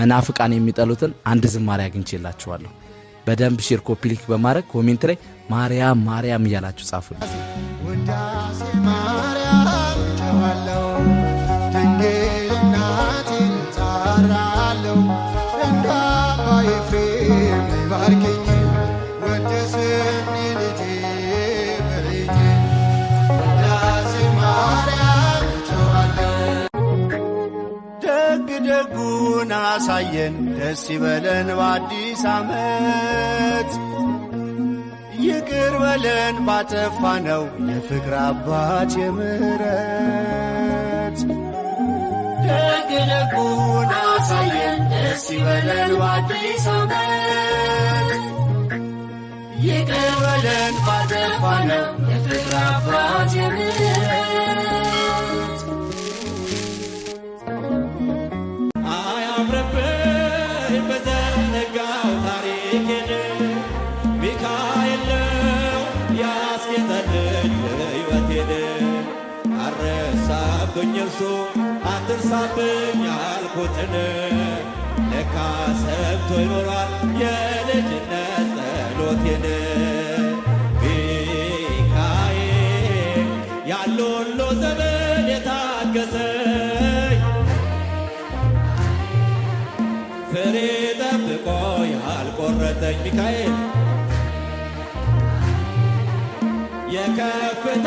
መናፍቃን የሚጠሉትን አንድ ዝማሬ አግኝቼላችኋለሁ። በደንብ ሼር፣ ኮፒ በማድረግ ኮሜንት ላይ ማርያም ማርያም እያላችሁ ጻፉልኝ። ስላየን ደስ ይበለን በአዲስ ዓመት ይቅር በለን ባጠፋ ነው የፍቅር አባት የምረት ደግነቱን አሳየን ደስ ይበለን በአዲስ ዓመት ይቅር በለን ባጠፋ ነው የፍቅር አባት የምረት አትርሳብኝ ያልኩትን ለካ ሰብቶ ይኖራል የልጅነት ጸሎቴን ሚካኤል ያለ ሁሉ ዘመን የታገሰኝ ፍሬ ጠብቆ ያልቆረጠኝ ሚካኤል የከፍታ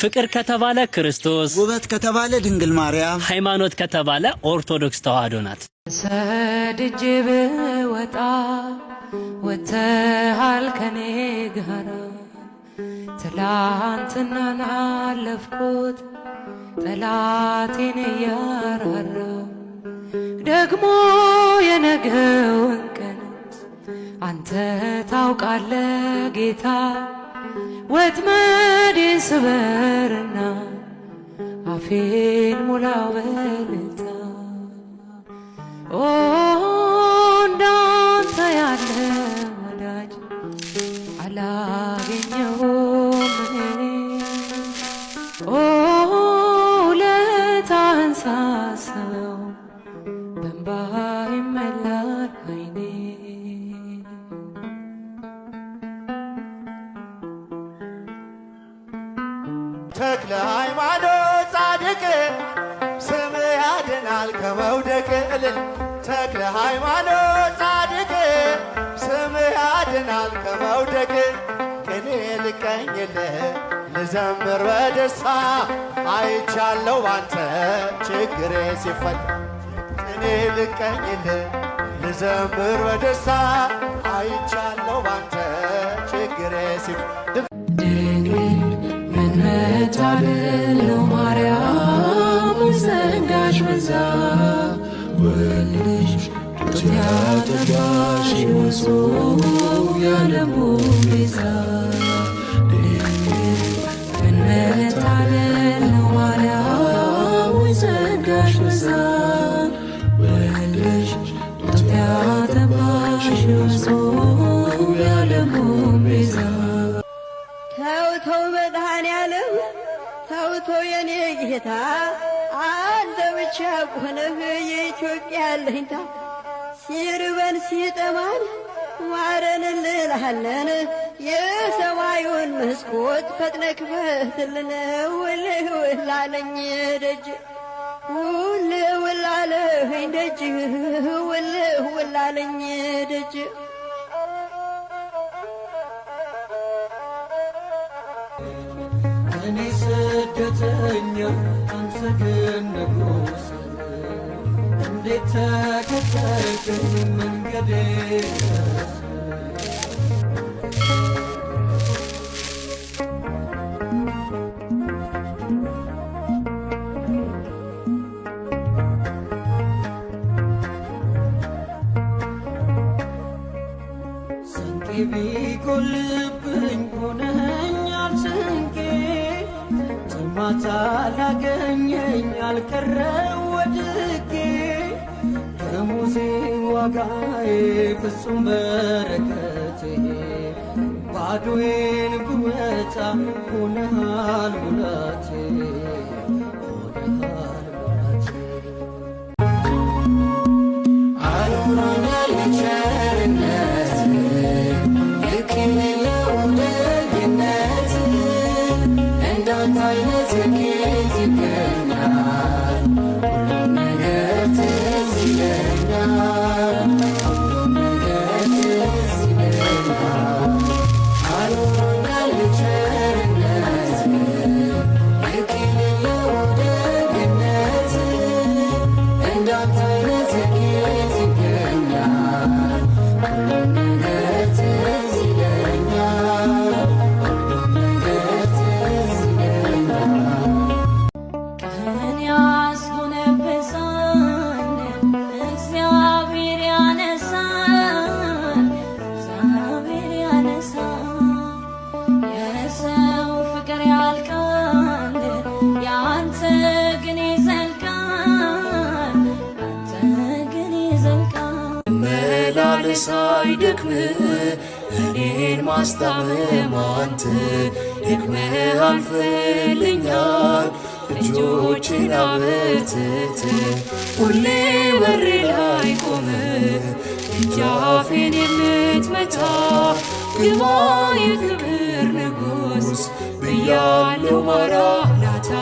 ፍቅር ከተባለ ክርስቶስ፣ ውበት ከተባለ ድንግል ማርያም፣ ሃይማኖት ከተባለ ኦርቶዶክስ ተዋህዶ ናት። ሰድጄ ብወጣ ወተሃል ከኔ ጋራ ትላንትናን አለፍኩት ጠላቴን እያራራ ደግሞ የነገውን ቀን አንተ ታውቃለህ ጌታ ወጥመዴን ስበርና አፌን ሙላው በልታ ሃይማኖት ጻድቅ ስም ያድናል ከመውደቅ እልል ተክለ ሃይማኖት ጻድቅ ስም ያድናል ከመውደቅ ቅኔ ልቀኝልህ ልዘምር በደስታ አይቻለው ባንተ ችግሬ ሲፈታ ቅኔ ልቀኝልህ ልዘምር በደስታ አይቻለው ባንተ ችግሬ ሲፈታ አይደለው ማርያም ዘንጋሽ በዛ ወልሽ ጡት ያጠባሽ የዓለሙ ቤዛ ጌታ አንተ ብቻ ሆነህ የኢትዮጵያ ልህንታ ሲርበን ሲጠማን ማረን እንልሃለን። የሰማዩን መስኮት ፈጥነክ ክፈትልን። ውልህ ውላለኝ ደጅ ውልህ ውላለኝ ደጅ ውልህ ውላለኝ ደጅ እኔ ስደተኛ አንተ ግን ንጉሥ እንዴት ተከተልከኝ መንገዴ ቢጎልብኝ ሆነህ ማታ ላገኘኝ አልቀረው ወድቄ ከሙሴ ዋጋዬ ፍጹም በረከቴ ባዶዬን ብወጣ ሆነሃል ሙላቴ ሆነሃል ሙላቴ አይደክም እኔን ማስታመም አንተ ደክመህ አልፈልኛል እጆችን አበትት ሁሌ በር ላይ ቆመ እጃፌን የምትመታ ግባ የክብር ንጉሥ ብያለው ማራናታ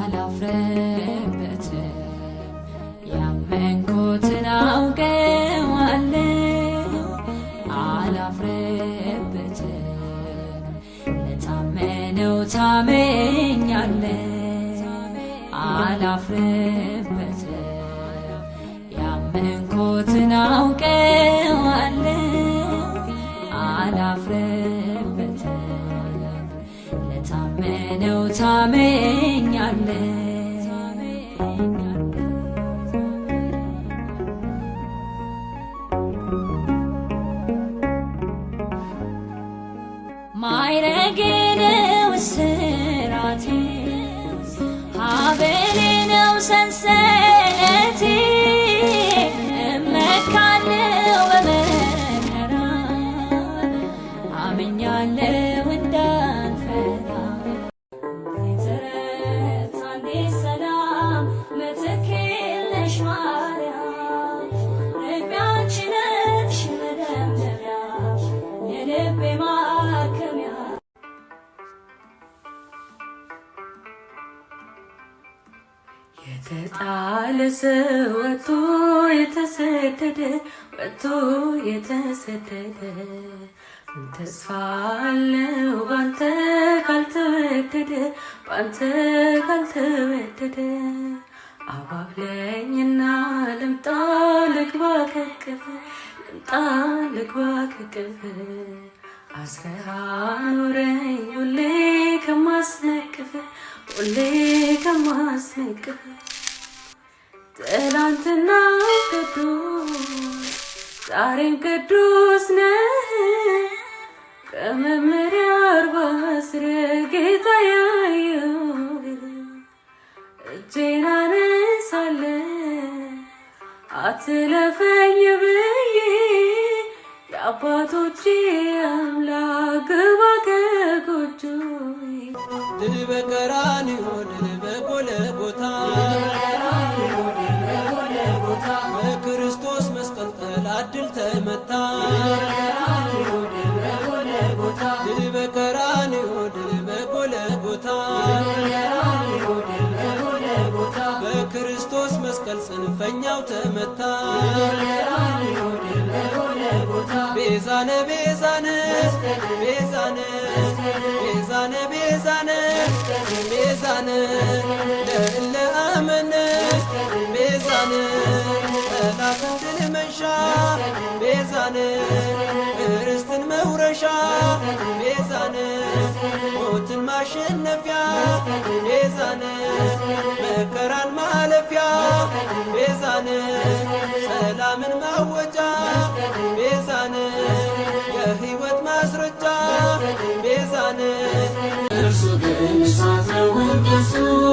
አላፍርም ያመንኩትን አውቀው አምናለሁ አላፍርበትም። ለታመነው ታመኛለሁ አላፍርበትም። ያመንኩትን አውቀዋለሁ አላፍርበትም። ለታመነው ታመኛለሁ ወጥቶ የተሰደደ ወጥቶ የተሰደደ ተስፋ አለው ባንተ ካልተወደደ ባንተ ካልተወደደ አባብለኝና ልምጣ ልግባ ከቅፍ ልምጣ ልግባ ከቅፍ አስረሃ ኑረኝ ሁሌ ከማስነቅፍ ሁሌ ከማስነቅፍ ትናንትና ቅዱስ ዛሬም ቅዱስ ነህ። ከመመሪያ አርባ አስር ጌታ ያየው እጄን አነሳለ አትለፈኝ ብዬ የአባቶች አምላክ ግባ ከጎጆ ድል በቀራንዮ ድል በጎልጎታ በክርስቶስ መስቀል ጽንፈኛው ተመታ። ቤዛነ ቤዛነ ቤዛነ ቤዛነ ቤዛነ ቤዛነ ለእለ አመነ ቤዛነ ጠላትን ድል መንሻ ቤዛን ርስትን መውረሻ ቤዛን ሞትን ማሸነፊያ ቤዛን መከራን ማለፊያ ቤዛን ሰላምን ማወጃ ቤዛን የህይወት ማስረጃ ቤዛን እርሱ ግን ሳትረውን